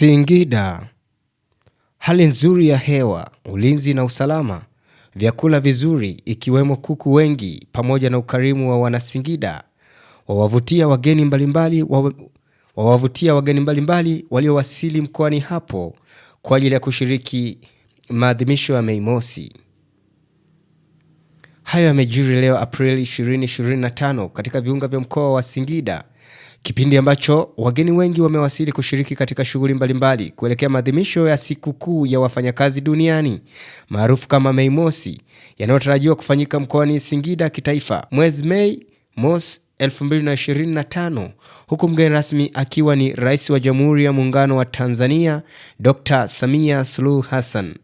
Singida, hali nzuri ya hewa, ulinzi na usalama, vyakula vizuri ikiwemo kuku wengi pamoja na ukarimu wa Wanasingida wawavutia wageni mbalimbali wawavutia wageni mbalimbali waliowasili mkoani hapo kwa ajili ya kushiriki maadhimisho ya Mei Mosi. Hayo yamejiri leo Aprili 2025 katika viunga vya mkoa wa Singida kipindi ambacho wageni wengi wamewasili kushiriki katika shughuli mbalimbali kuelekea maadhimisho ya sikukuu ya wafanyakazi duniani maarufu kama Mei Mosi yanayotarajiwa kufanyika mkoani Singida kitaifa mwezi Mei Mosi 2025 huku mgeni rasmi akiwa ni Rais wa Jamhuri ya Muungano wa Tanzania Dr. Samia Suluhu Hassan.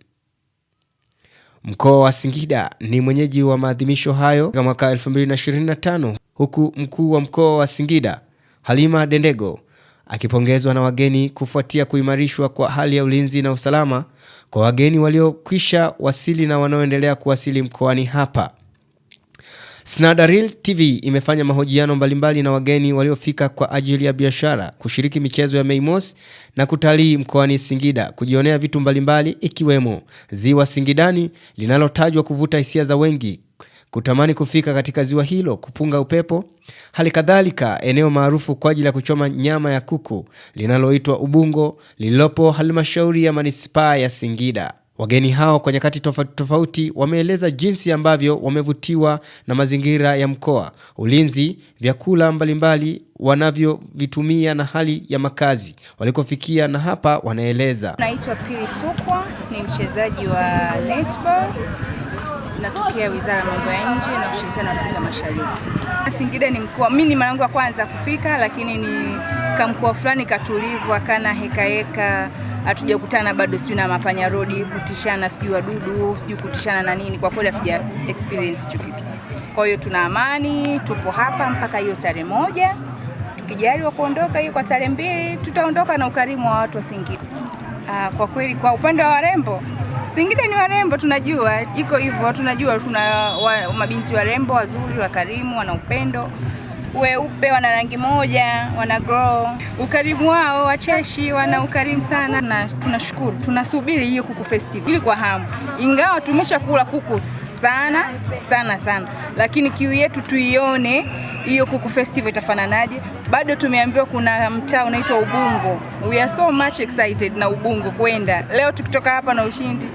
Mkoa wa Singida ni mwenyeji wa maadhimisho hayo mwaka 2025 huku mkuu wa mkoa wa Singida Halima Dendego akipongezwa na wageni kufuatia kuimarishwa kwa hali ya ulinzi na usalama kwa wageni waliokwisha wasili na wanaoendelea kuwasili mkoani hapa. Snadaril TV imefanya mahojiano mbalimbali na wageni waliofika kwa ajili ya biashara, kushiriki michezo ya Mei Mosi na kutalii mkoani Singida, kujionea vitu mbalimbali ikiwemo Ziwa Singidani linalotajwa kuvuta hisia za wengi kutamani kufika katika ziwa hilo kupunga upepo. Hali kadhalika eneo maarufu kwa ajili ya kuchoma nyama ya kuku linaloitwa Ubungo lililopo halmashauri ya manispaa ya Singida. Wageni hao kwa nyakati tofauti tofauti wameeleza jinsi ambavyo wamevutiwa na mazingira ya mkoa, ulinzi, vyakula mbalimbali wanavyovitumia na hali ya makazi walikofikia, na hapa wanaeleza. Naitwa Pili Sukwa, ni mchezaji wa netball inatokea Wizara ya Mambo ya Nje na Ushirikiano wa Afrika Mashariki. Singida ni mkoa, mimi ni mara yangu ya kwanza kufika, lakini ni kamkoa fulani katulivu, akana heka heka, hatujakutana bado, sijui na mapanya rodi kutishana, sijui wadudu, sijui kutishana na nini. Kwa kweli hatuja experience hicho kitu. Kwa hiyo tuna amani, tupo hapa mpaka hiyo tarehe moja. Tukijaliwa kuondoka hiyo kwa tarehe mbili, tutaondoka na ukarimu wa watu wa Singida. Aa, ah, kwa kweli kwa upande wa warembo Singida ni warembo, tunajua iko hivyo, tunajua tuna wa, mabinti warembo wazuri, wakarimu, wana upendo, weupe, wana rangi moja, wana grow, ukarimu wao wacheshi, wana ukarimu sana, na tunashukuru, tunasubiri hiyo kuku festival ili kwa hamu, ingawa tumeshakula kuku sana sana sana, lakini kiu yetu tuione hiyo kuku festival itafananaje? Bado tumeambiwa kuna mtaa unaitwa Ubungo. We are so much excited na Ubungo kwenda leo, tukitoka hapa na ushindi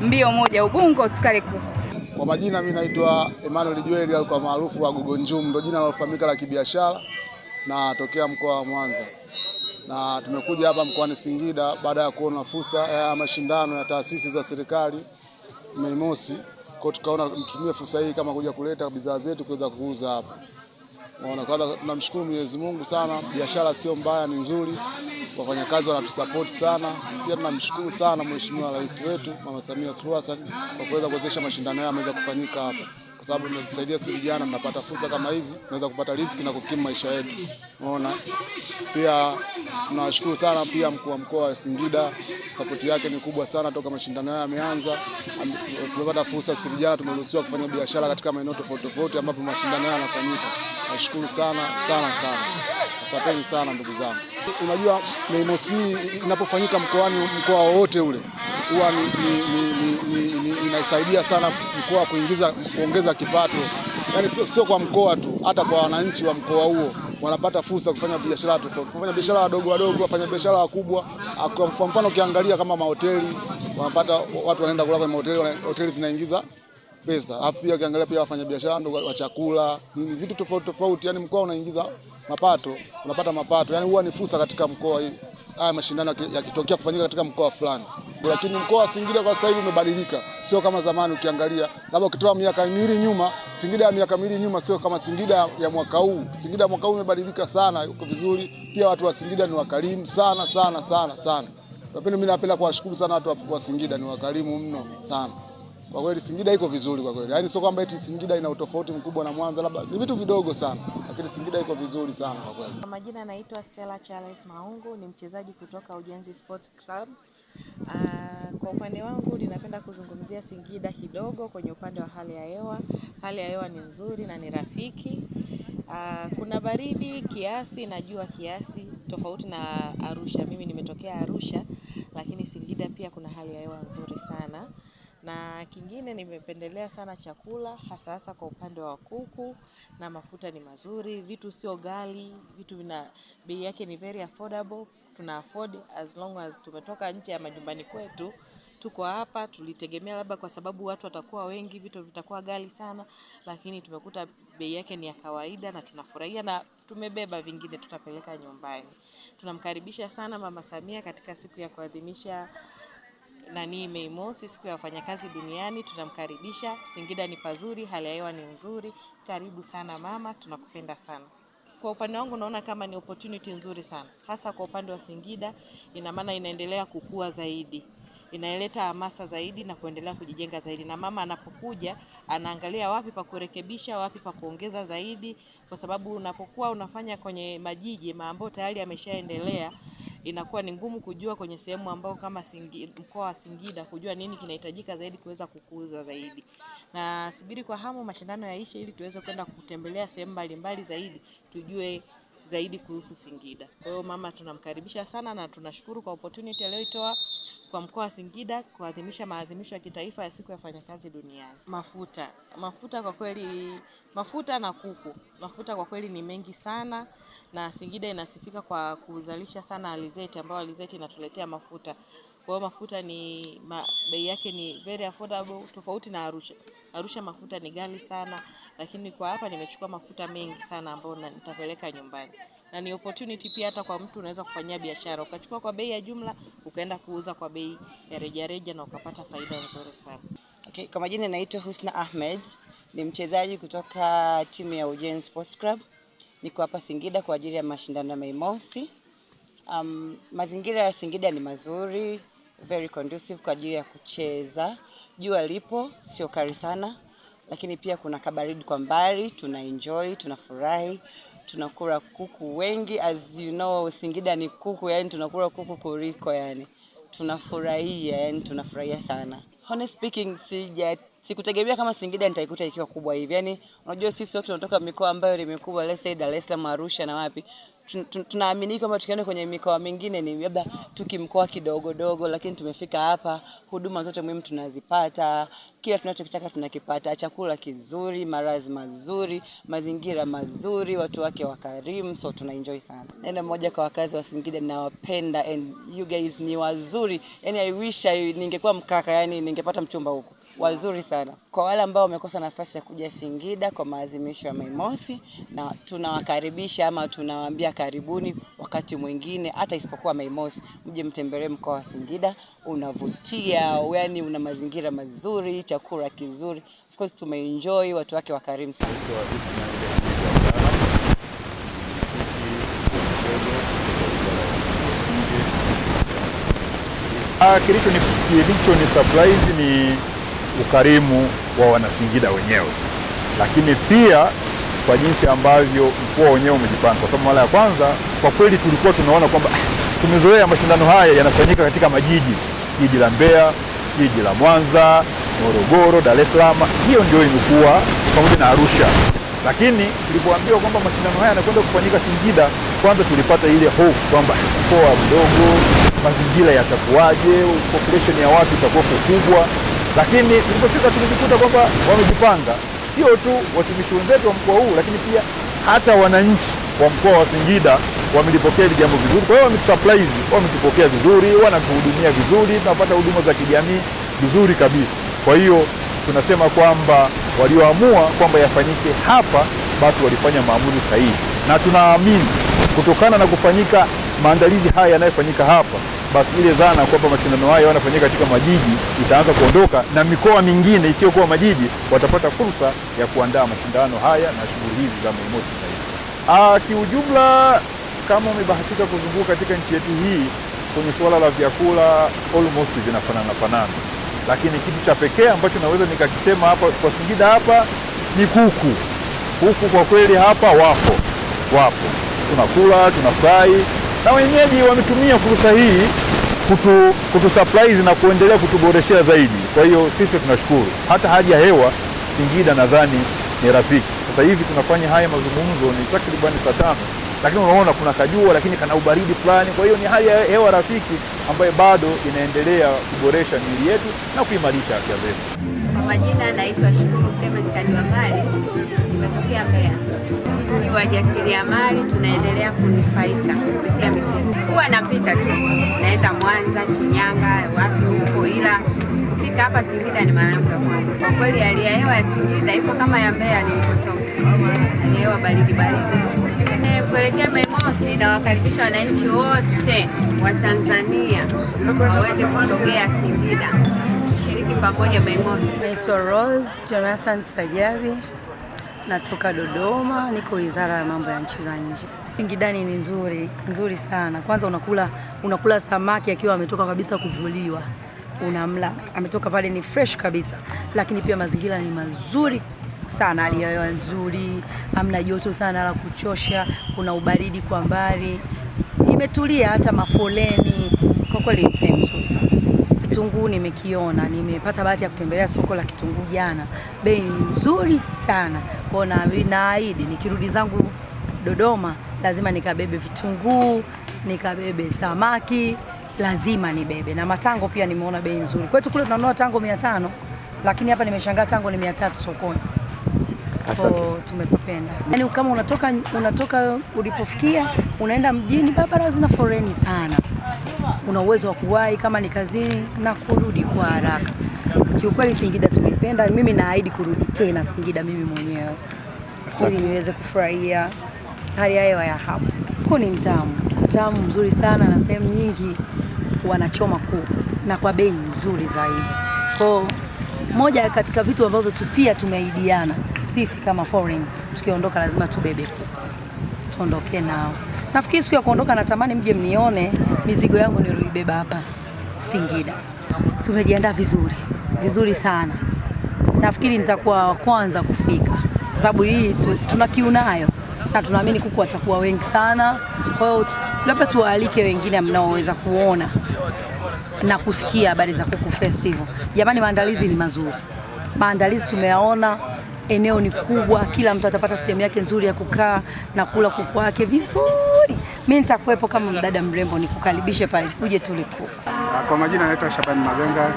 mbio moja Ubungo tukale kuku. Kwa majina mimi naitwa Emmanuel Jweli au kwa maarufu wa Gogo Njum, ndio jina linalofahamika la kibiashara na tokea mkoa wa Mwanza, na tumekuja hapa mkoani Singida baada ya kuona fursa ya mashindano ya taasisi za serikali Mei Mosi, kwa tukaona tutumie fursa hii kama kuja kuleta bidhaa zetu kuweza kuuza hapa. Kwanza tunamshukuru Mwenyezi Mungu sana, biashara sio mbaya, ni nzuri, wafanyakazi wanatusapoti sana. Pia tunamshukuru sana Mheshimiwa Rais wetu Mama Samia Suluhu Hassan kwa kuweza kuwezesha mashindano haya yameweza kufanyika hapa kwa sababu inatusaidia sisi vijana tunapata fursa kama hivi, tunaweza kupata riziki na kukimu maisha yetu. Unaona, pia tunawashukuru sana pia mkuu wa mkoa wa Singida, sapoti yake ni kubwa sana toka mashindano haya yameanza. Tumepata fursa sisi vijana, tumeruhusiwa kufanya biashara katika maeneo tofauti tofauti ambapo mashindano haya yanafanyika. Nashukuru sana sana sana, asanteni sana ndugu zangu. Unajua, Mei Mosi inapofanyika mkoani, mkoa wowote ule huwa ni, ni, ni, ni, ni, inaisaidia sana mkoa kuingiza kuongeza kipato, yaani sio kwa mkoa tu, hata kwa wananchi wa mkoa huo wanapata fursa kufanya biashara tofauti, kufanya biashara wadogo wadogo, wafanya biashara wakubwa. Ah, kwa mfano ukiangalia kama mahoteli wanapata, watu wanaenda kula kwenye mahoteli, hoteli zinaingiza pesa. Alafu pia ukiangalia pia wafanyabiashara ndo wa chakula, ni vitu tofauti tofauti, yani mkoa unaingiza mapato, unapata mapato. Yani huwa ni fursa katika mkoa hii. Haya mashindano yakitokea kufanyika katika mkoa fulani. Lakini mkoa wa Singida kwa sasa hivi umebadilika, sio kama zamani. Ukiangalia labda ukitoa miaka miwili nyuma, Singida ya miaka miwili nyuma sio kama Singida ya mwaka huu. Singida ya mwaka huu imebadilika sana, uko vizuri. Pia watu wa Singida ni wakarimu sana sana sana sana. Mimi napenda kuwashukuru sana watu wa Singida, ni wakarimu mno sana. Kwa kweli Singida iko vizuri kwa kweli, yaani sio kwamba eti Singida ina utofauti mkubwa na Mwanza, labda ni vitu vidogo sana, lakini Singida iko vizuri sana kwa kweli. Kwa majina naitwa Stella Charles Maungu, ni mchezaji kutoka Ujenzi Sport Club. Uh, kwa upande wangu ninapenda kuzungumzia Singida kidogo kwenye upande wa hali ya hewa. Hali ya hewa ni nzuri na ni rafiki. Uh, kuna baridi kiasi na jua kiasi tofauti na Arusha. Mimi nimetokea Arusha, lakini Singida pia kuna hali ya hewa nzuri sana na kingine nimependelea sana chakula hasa hasa kwa upande wa kuku, na mafuta ni mazuri, vitu sio ghali, vitu vina bei yake ni very affordable, tuna afford as long as tumetoka nje ya majumbani kwetu tuko hapa. Tulitegemea labda kwa sababu watu watakuwa wengi, vitu vitakuwa ghali sana, lakini tumekuta bei yake ni ya kawaida na tunafurahia na tumebeba vingine tutapeleka nyumbani. Tunamkaribisha sana Mama Samia katika siku ya kuadhimisha nani Mei Mosi, siku ya wafanyakazi duniani. Tunamkaribisha. Singida ni pazuri, hali ya hewa ni nzuri. Karibu sana mama, tunakupenda sana. Kwa upande wangu naona kama ni opportunity nzuri sana, hasa kwa upande wa Singida. Ina maana inaendelea kukua zaidi, inaleta hamasa zaidi na kuendelea kujijenga zaidi, na mama anapokuja anaangalia wapi pa kurekebisha, wapi pa kuongeza zaidi, kwa sababu unapokuwa unafanya kwenye majiji ambayo tayari yameshaendelea inakuwa ni ngumu kujua kwenye sehemu ambayo kama singi, mkoa wa Singida kujua nini kinahitajika zaidi kuweza kukuza zaidi. Na subiri kwa hamu mashindano yaishe ili tuweze kwenda kutembelea sehemu mbalimbali zaidi tujue zaidi kuhusu Singida. Kwa hiyo mama, tunamkaribisha sana na tunashukuru kwa opportunity aliyoitoa kwa mkoa wa Singida kuadhimisha maadhimisho ya kitaifa ya siku ya wafanyakazi duniani. Mafuta, mafuta kwa kweli, mafuta na kuku, mafuta kwa kweli ni mengi sana na Singida inasifika kwa kuzalisha sana alizeti ambayo alizeti inatuletea mafuta. Kwa hiyo mafuta ni ma, bei yake ni very affordable tofauti na Arusha. Arusha mafuta ni ghali sana, lakini kwa hapa nimechukua mafuta mengi sana ambayo nitapeleka nyumbani. Na ni opportunity pia hata kwa mtu unaweza kufanyia biashara. Ukachukua kwa bei ya jumla, ukaenda kuuza kwa bei ya rejareja na ukapata faida nzuri sana. Okay, kwa majina naitwa Husna Ahmed, ni mchezaji kutoka timu ya Ujenzi Sports Club niko hapa Singida kwa ajili ya mashindano ya Mei Mosi. Um, mazingira ya Singida ni mazuri, very conducive kwa ajili ya kucheza. Jua lipo, sio kali sana, lakini pia kuna kabaridi kwa mbali. Tuna enjoy, tunafurahi, tunakula kuku wengi. As you know, Singida ni kuku, yani tunakula kuku kuliko yani tunafurahia, yani tunafurahia sana. Honest speaking, sija sikutegemea kama Singida nitaikuta ikiwa kubwa hivi. Yaani unajua sisi wote tunatoka mikoa ambayo ni mikubwa, let's say Dar es Salaam, Arusha na wapi tunaamini kwamba tukienda kwenye mikoa mingine ni labda tukimkoa kidogo dogo, lakini tumefika hapa, huduma zote muhimu tunazipata, kila tunachokitaka tunakipata, chakula kizuri, marazi mazuri, mazingira mazuri, watu wake wakarimu, so tuna enjoy sana. Neno moja kwa wakazi wa Singida, ninawapenda and you guys ni wazuri, yani I wish I ningekuwa mkaka, yani ningepata mchumba huko wazuri sana. Kwa wale ambao wamekosa nafasi ya kuja Singida kwa maadhimisho ya Mei Mosi, na tunawakaribisha ama tunawaambia karibuni wakati mwingine, hata isipokuwa Mei Mosi, mje mtembelee mkoa wa Singida. Unavutia, yani una mazingira mazuri, chakula kizuri, of course tumeenjoy, watu wake wakarimu sana. Ah, kilicho ni surprise ni ukarimu wa Wanasingida wenyewe, lakini pia kwa jinsi ambavyo mkoa wenyewe umejipanga, kwa sababu mara ya kwanza kwa kweli tulikuwa tunaona kwamba ah, tumezoea mashindano haya yanafanyika katika majiji, jiji la Mbeya, jiji la Mwanza, Morogoro, Dar es Salaam, hiyo ndio imekuwa pamoja na Arusha. Lakini tulipoambiwa kwamba mashindano haya yanakwenda kufanyika Singida, kwanza tulipata ile hofu kwamba eh, mkoa mdogo, mazingira yatakuwaje, population ya watu itakuwa kubwa lakini tulipofika tulijikuta kwamba wamejipanga, sio tu watumishi wenzetu wa mkoa huu, lakini pia hata wananchi wa mkoa wa Singida wamelipokea hili jambo vizuri. Kwa hiyo wametusurprise, wametupokea vizuri, wanatuhudumia vizuri, tunapata huduma za kijamii vizuri kabisa. Kwa hiyo tunasema kwamba walioamua kwamba yafanyike hapa basi walifanya maamuzi sahihi, na tunaamini kutokana na kufanyika maandalizi haya yanayofanyika hapa basi ile dhana kwamba mashindano hayo yanafanyika katika majiji itaanza kuondoka, na mikoa mingine isiyokuwa majiji watapata fursa ya kuandaa mashindano haya na shughuli hizi za Mei Mosi ah, Kiujumla, kama umebahatika kuzunguka katika nchi yetu hii, kwenye suala la vyakula almost zinafanana fanana, lakini kitu cha pekee ambacho naweza nikakisema hapa kwa Singida hapa ni kuku. Kuku kwa kweli hapa wapo, wapo, tunakula tunafurahi na wenyeji wametumia fursa hii kutu, kutu surprise na kuendelea kutuboreshea zaidi. Kwa hiyo sisi tunashukuru. Hata hali ya hewa Singida nadhani ni rafiki. Sasa hivi tunafanya haya mazungumzo ni takribani saa tano, lakini unaona kuna kajua, lakini kana ubaridi fulani. Kwa hiyo ni hali ya hewa rafiki ambayo bado inaendelea kuboresha miili yetu na kuimarisha afya zetu majina naitwa Shukuru Clemence Kajwambali, nimetokea Mbeya. Sisi wajasiriamali tunaendelea kunufaika kupitia michezo. Huwa napita tu naenda Mwanza, Shinyanga, wapi huko, ila kufika hapa Singida ni mara yangu ya kwanza. Kwa kweli hali ya hewa ya Singida ipo kama ya Mbeya nilipotoka, hali ya hewa baridi baridi. Kuelekea Mei Mosi, nawakaribisha wananchi wote wa Tanzania waweze kusogea Singida muziki pamoja by Mosi. Naitwa Rose Jonathan Sajavi, natoka Dodoma, niko wizara ya mambo ya nchi za nje. Singidani ni nzuri nzuri sana. Kwanza unakula unakula samaki akiwa ametoka kabisa kuvuliwa, unamla ametoka pale, ni fresh kabisa, lakini pia mazingira ni mazuri sana, hali ya hewa nzuri, hamna joto sana la kuchosha, kuna ubaridi kwa mbali, imetulia, hata mafoleni kwa kweli sehemu nzuri sana. Kitunguu nimekiona, nimepata bahati ya kutembelea soko la kitunguu jana, bei nzuri sana na naahidi nikirudi zangu Dodoma lazima nikabebe vitunguu, nikabebe samaki, lazima nibebe na matango pia. Nimeona bei nzuri kwetu kule, tunanunua tango mia tano lakini hapa nimeshangaa tango ni mia tatu sokoni. So, yani, kama unatoka unatoka ulipofikia unaenda mjini, barabara zina foreni sana una uwezo wa kuwahi kama ni kazini na kurudi kwa haraka. Kiukweli Singida tumependa, mimi naahidi kurudi tena Singida mimi mwenyewe ili niweze kufurahia hali ya hewa ya hapo. Kuku ni mtamu mtamu mzuri sana, na sehemu nyingi wanachoma kuku na kwa bei nzuri zaidi. Kwa moja katika vitu ambavyo pia tumeahidiana sisi kama foreign, tukiondoka lazima tubebe kuku tuondoke nao. Nafikiri siku ya kuondoka natamani mje mnione mizigo yangu niliyoibeba hapa Singida. Tumejiandaa vizuri vizuri sana, nafikiri nitakuwa kwanza kufika sababu hii tu, tuna kiu nayo na tunaamini kuku watakuwa wengi sana. Kwa hiyo labda tuwaalike wengine mnaoweza kuona na kusikia habari za kuku festival. Jamani, maandalizi ni mazuri, maandalizi tumeyaona, eneo ni kubwa, kila mtu atapata sehemu yake nzuri ya kukaa na kula kuku wake vizuri. Mimi nitakuwepo kama mdada mrembo, nikukaribishe pale, uje kuku ah, Kwa majina anaitwa Shabani Magenga,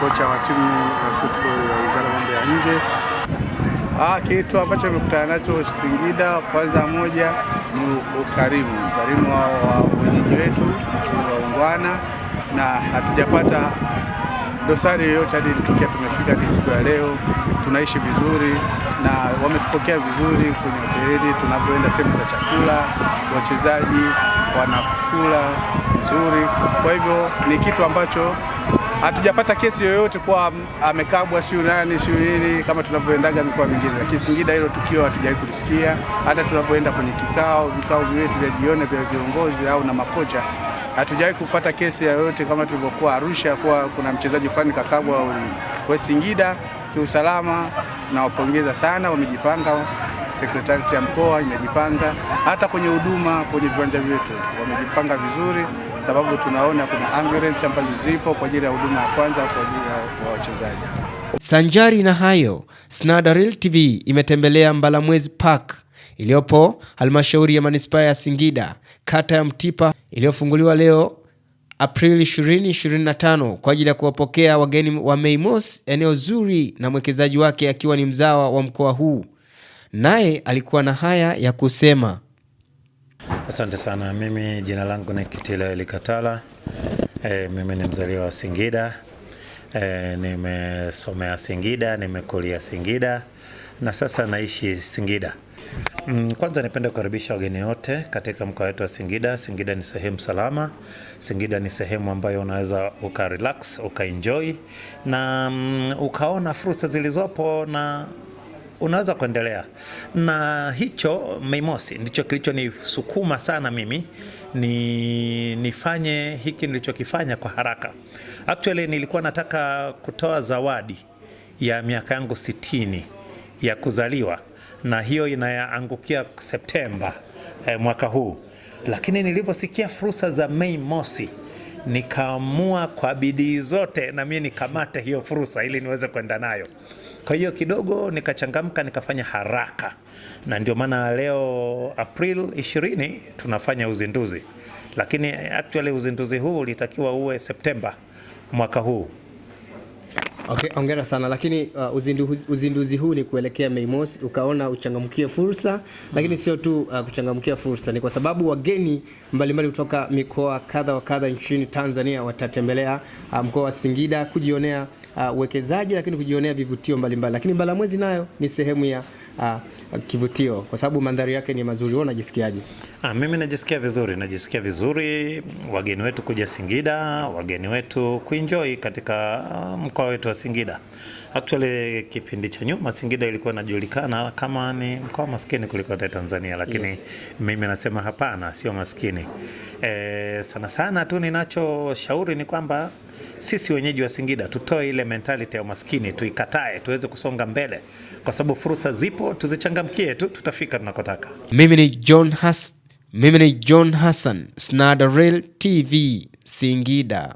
kocha wa timu ya eh, football ya Wizara Mambo ya Nje. Ah, kitu ambacho nimekutana nacho Singida, kwanza moja ni ukarimu, ukarimu wa wenyeji wetu waungwana, na hatujapata dosari yoyote hadi ilitokea tumefika hadi siku ya leo tunaishi vizuri na wametupokea vizuri kwenye hoteli, tunapoenda sehemu za chakula, wachezaji wanakula vizuri. Kwa hivyo ni kitu ambacho hatujapata kesi yoyote kuwa amekabwa siyo nani siyo nini, kama tunavyoendaga mikoa mingine, lakini Singida hilo tukio hatujawahi kulisikia. Hata tunapoenda kwenye kikao vikao vyetu vya jioni vya viongozi au na makocha, hatujawahi kupata kesi yoyote kama tulivyokuwa Arusha, kuwa kuna mchezaji fulani kakabwa. Kwa Singida Kiusalama nawapongeza sana, wamejipanga. Sekretarieti ya mkoa imejipanga, hata kwenye huduma kwenye viwanja vyetu wamejipanga vizuri, sababu tunaona kuna ambulance ambazo zipo kwa ajili ya huduma ya kwanza kwa ajili ya wachezaji. Sanjari na hayo, Snada Real TV imetembelea Mbalamwezi Park iliyopo halmashauri ya manispaa ya Singida, kata ya Mtipa iliyofunguliwa leo Aprili 2025 kwa ajili ya kuwapokea wageni wa Mei Mosi, eneo zuri na mwekezaji wake akiwa ni mzawa wa mkoa huu, naye alikuwa na haya ya kusema. Asante sana. Mimi jina langu ni Kitila Elikatala. E, mimi ni mzaliwa wa Singida. E, nimesomea Singida, nimekulia Singida na sasa naishi Singida. Mm, kwanza nipende kukaribisha wageni wote katika mkoa wetu wa Singida. Singida ni sehemu salama, Singida ni sehemu ambayo unaweza uka relax, uka enjoy na um, ukaona fursa zilizopo na unaweza kuendelea na hicho. Mei Mosi ndicho kilichonisukuma sana mimi ni nifanye hiki nilichokifanya kwa haraka. Actually nilikuwa nataka kutoa zawadi ya miaka yangu sitini ya kuzaliwa na hiyo inayaangukia Septemba eh, mwaka huu, lakini niliposikia fursa za Mei Mosi nikaamua kwa bidii zote na mimi nikamate hiyo fursa ili niweze kwenda nayo. Kwa hiyo kidogo nikachangamka, nikafanya haraka, na ndio maana leo April 20 tunafanya uzinduzi, lakini actually uzinduzi huu ulitakiwa uwe Septemba mwaka huu. Okay, ongera sana lakini uh, uzindu, uzinduzi huu ni kuelekea Mei Mosi, ukaona uchangamkie fursa lakini mm, sio tu uh, kuchangamkia fursa, ni kwa sababu wageni mbalimbali kutoka mikoa kadha wa kadha nchini Tanzania watatembelea uh, mkoa wa Singida kujionea Uh, uwekezaji uh, lakini kujionea vivutio mbalimbali Lakini Mbalamwezi nayo ni sehemu ya uh, kivutio kwa sababu mandhari yake ni mazuri. Wewe unajisikiaje? Ah, mimi najisikia vizuri, najisikia vizuri wageni wetu kuja Singida, wageni wetu kuenjoy katika uh, mkoa wetu wa Singida. Actually kipindi cha nyuma Singida ilikuwa inajulikana kama ni mkoa maskini kuliko hata Tanzania, lakini yes. Mimi nasema hapana, sio maskini. E, sana sana tu ninachoshauri ni kwamba sisi wenyeji wa Singida tutoe ile mentality ya umaskini, tuikatae, tuweze kusonga mbele, kwa sababu fursa zipo, tuzichangamkie tu, tutafika tunakotaka. Mimi ni John Has, mimi ni John Hassan, Snada TV Singida.